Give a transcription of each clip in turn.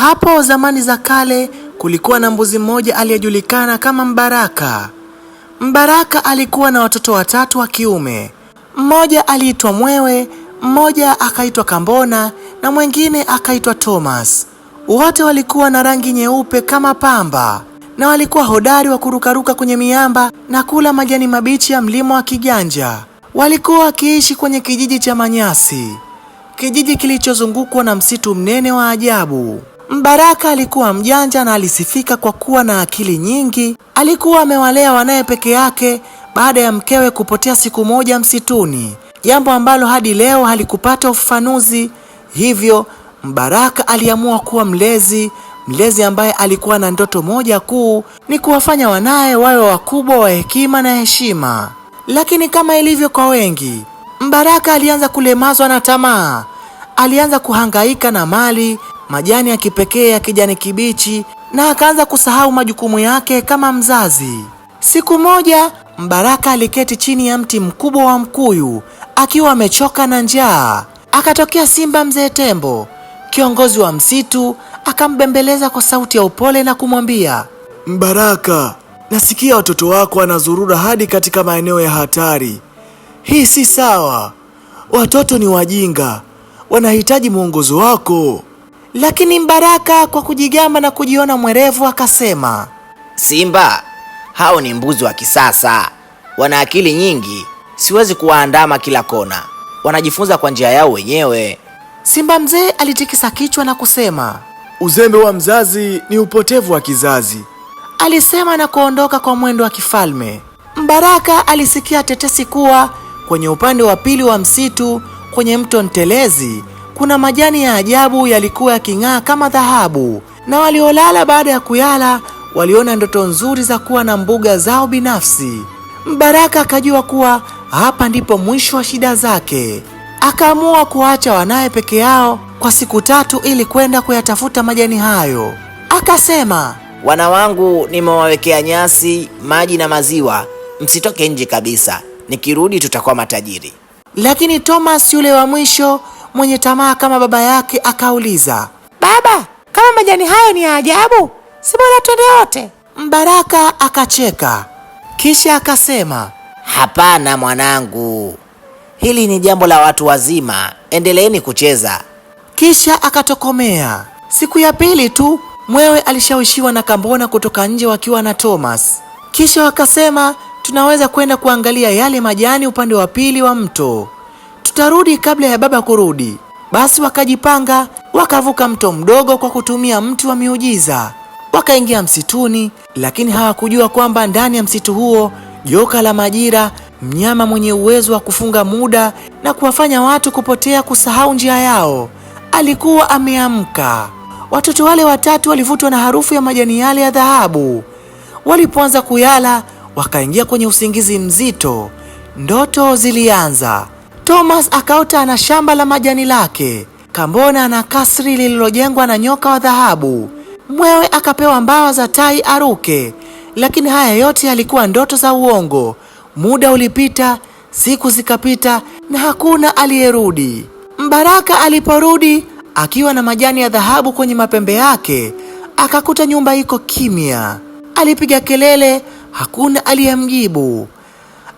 Hapo zamani za kale kulikuwa na mbuzi mmoja aliyejulikana kama Mbaraka. Mbaraka alikuwa na watoto watatu wa kiume. Mmoja aliitwa Mwewe, mmoja akaitwa Kambona na mwingine akaitwa Thomas. Wote walikuwa na rangi nyeupe kama pamba na walikuwa hodari wa kurukaruka kwenye miamba na kula majani mabichi ya mlima wa Kiganja. Walikuwa wakiishi kwenye kijiji cha Manyasi, kijiji kilichozungukwa na msitu mnene wa ajabu. Mbaraka alikuwa mjanja na alisifika kwa kuwa na akili nyingi. Alikuwa amewalea wanaye peke yake baada ya mkewe kupotea siku moja msituni, jambo ambalo hadi leo halikupata ufafanuzi. Hivyo Mbaraka aliamua kuwa mlezi, mlezi ambaye alikuwa na ndoto moja kuu, ni kuwafanya wanaye wawe wakubwa wa hekima na heshima. Lakini kama ilivyo kwa wengi, Mbaraka alianza kulemazwa na tamaa. Alianza kuhangaika na mali majani ya kipekee ya kijani kibichi na akaanza kusahau majukumu yake kama mzazi. Siku moja, Mbaraka aliketi chini ya mti mkubwa wa mkuyu akiwa amechoka na njaa. Akatokea simba mzee tembo, kiongozi wa msitu, akambembeleza kwa sauti ya upole na kumwambia, Mbaraka, nasikia watoto wako wanazurura hadi katika maeneo ya hatari. Hii si sawa. Watoto ni wajinga, wanahitaji mwongozo wako. Lakini Mbaraka kwa kujigamba na kujiona mwerevu akasema, Simba, hao ni mbuzi wa kisasa, wana akili nyingi, siwezi kuwaandama kila kona, wanajifunza kwa njia yao wenyewe. Simba mzee alitikisa kichwa na kusema, uzembe wa mzazi ni upotevu wa kizazi, alisema na kuondoka kwa mwendo wa kifalme. Mbaraka alisikia tetesi kuwa kwenye upande wa pili wa msitu kwenye mto Ntelezi kuna majani ya ajabu yalikuwa yaking'aa kama dhahabu, na waliolala baada ya kuyala waliona ndoto nzuri za kuwa na mbuga zao binafsi. Mbaraka akajua kuwa hapa ndipo mwisho wa shida zake. Akaamua kuacha wanaye peke yao kwa siku tatu ili kwenda kuyatafuta majani hayo. Akasema, wana wangu nimewawekea nyasi, maji na maziwa, msitoke nje kabisa. Nikirudi tutakuwa matajiri. Lakini Thomas yule wa mwisho mwenye tamaa kama baba yake akauliza, baba, kama majani hayo ni ya ajabu, si bora twende wote? Mbaraka akacheka kisha akasema, hapana mwanangu, hili ni jambo la watu wazima, endeleeni kucheza. Kisha akatokomea. Siku ya pili tu Mwewe alishawishiwa na Kambona kutoka nje wakiwa na Thomas, kisha wakasema tunaweza kwenda kuangalia yale majani upande wa pili wa mto tutarudi kabla ya baba kurudi. Basi wakajipanga, wakavuka mto mdogo kwa kutumia mti wa miujiza, wakaingia msituni, lakini hawakujua kwamba ndani ya msitu huo joka la majira, mnyama mwenye uwezo wa kufunga muda na kuwafanya watu kupotea kusahau njia yao, alikuwa ameamka. Watoto wale watatu walivutwa na harufu ya majani yale ya dhahabu. Walipoanza kuyala, wakaingia kwenye usingizi mzito. Ndoto zilianza. Thomas akaota ana shamba la majani lake, Kambona ana kasri lililojengwa na nyoka wa dhahabu, mwewe akapewa mbawa za tai aruke. Lakini haya yote yalikuwa ndoto za uongo. Muda ulipita, siku zikapita, na hakuna aliyerudi. Mbaraka aliporudi akiwa na majani ya dhahabu kwenye mapembe yake, akakuta nyumba iko kimya. Alipiga kelele, hakuna aliyemjibu.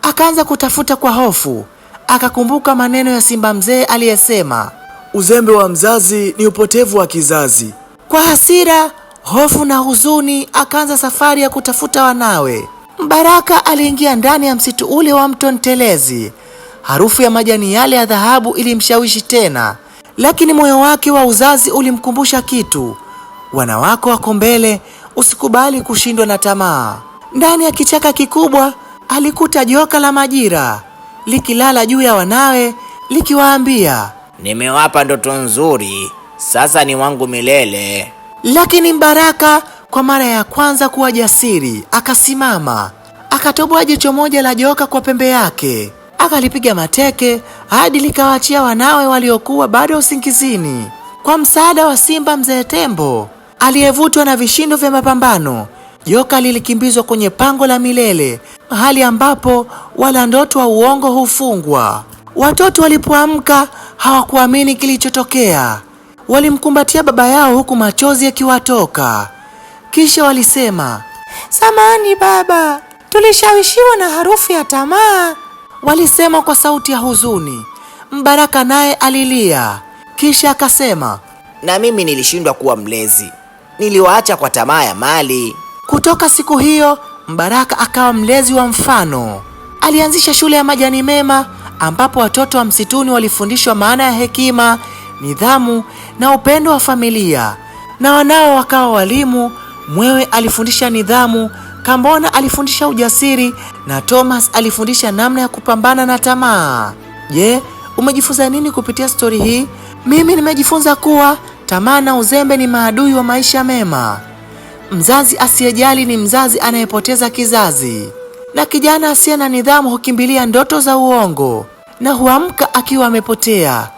Akaanza kutafuta kwa hofu, akakumbuka maneno ya simba mzee aliyesema, uzembe wa mzazi ni upotevu wa kizazi. Kwa hasira, hofu na huzuni, akaanza safari ya kutafuta wanawe. Mbaraka aliingia ndani ya msitu ule wa mto Ntelezi. Harufu ya majani yale ya dhahabu ilimshawishi tena, lakini moyo wake wa uzazi ulimkumbusha kitu: wanawako wako mbele, usikubali kushindwa na tamaa. Ndani ya kichaka kikubwa alikuta joka la majira likilala juu ya wanawe likiwaambia, nimewapa ndoto nzuri, sasa ni wangu milele. Lakini Mbaraka kwa mara ya kwanza kuwa jasiri, akasimama akatoboa jicho moja la joka kwa pembe yake, akalipiga mateke hadi likawaachia wanawe waliokuwa bado usingizini. Kwa msaada wa simba mzee tembo aliyevutwa na vishindo vya mapambano joka lilikimbizwa kwenye pango la milele, mahali ambapo wala ndoto wa uongo hufungwa. Watoto walipoamka hawakuamini kilichotokea. Walimkumbatia baba yao huku machozi yakiwatoka, kisha walisema, samani baba, tulishawishiwa na harufu ya tamaa, walisema kwa sauti ya huzuni. Mbaraka naye alilia, kisha akasema, na mimi nilishindwa kuwa mlezi, niliwaacha kwa tamaa ya mali. Kutoka siku hiyo Mbaraka akawa mlezi wa mfano. Alianzisha shule ya Majani Mema ambapo watoto wa msituni walifundishwa maana ya hekima, nidhamu na upendo wa familia, na wanao wakawa walimu. Mwewe alifundisha nidhamu, Kambona alifundisha ujasiri na Thomas alifundisha namna ya kupambana na tamaa. Je, umejifunza nini kupitia stori hii? Mimi nimejifunza kuwa tamaa na uzembe ni maadui wa maisha mema. Mzazi asiyejali ni mzazi anayepoteza kizazi, na kijana asiye na nidhamu hukimbilia ndoto za uongo na huamka akiwa amepotea.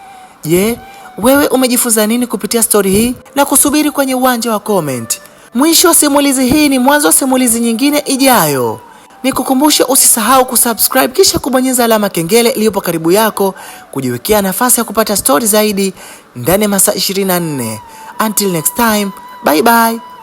Je, wewe umejifunza nini kupitia stori hii? Na kusubiri kwenye uwanja wa comment. Mwisho wa simulizi hii ni mwanzo wa simulizi nyingine ijayo. Nikukumbushe, usisahau kusubscribe kisha kubonyeza alama kengele iliyopo karibu yako, kujiwekea nafasi ya kupata stori zaidi ndani ya masaa 24. Until next time, bye bye.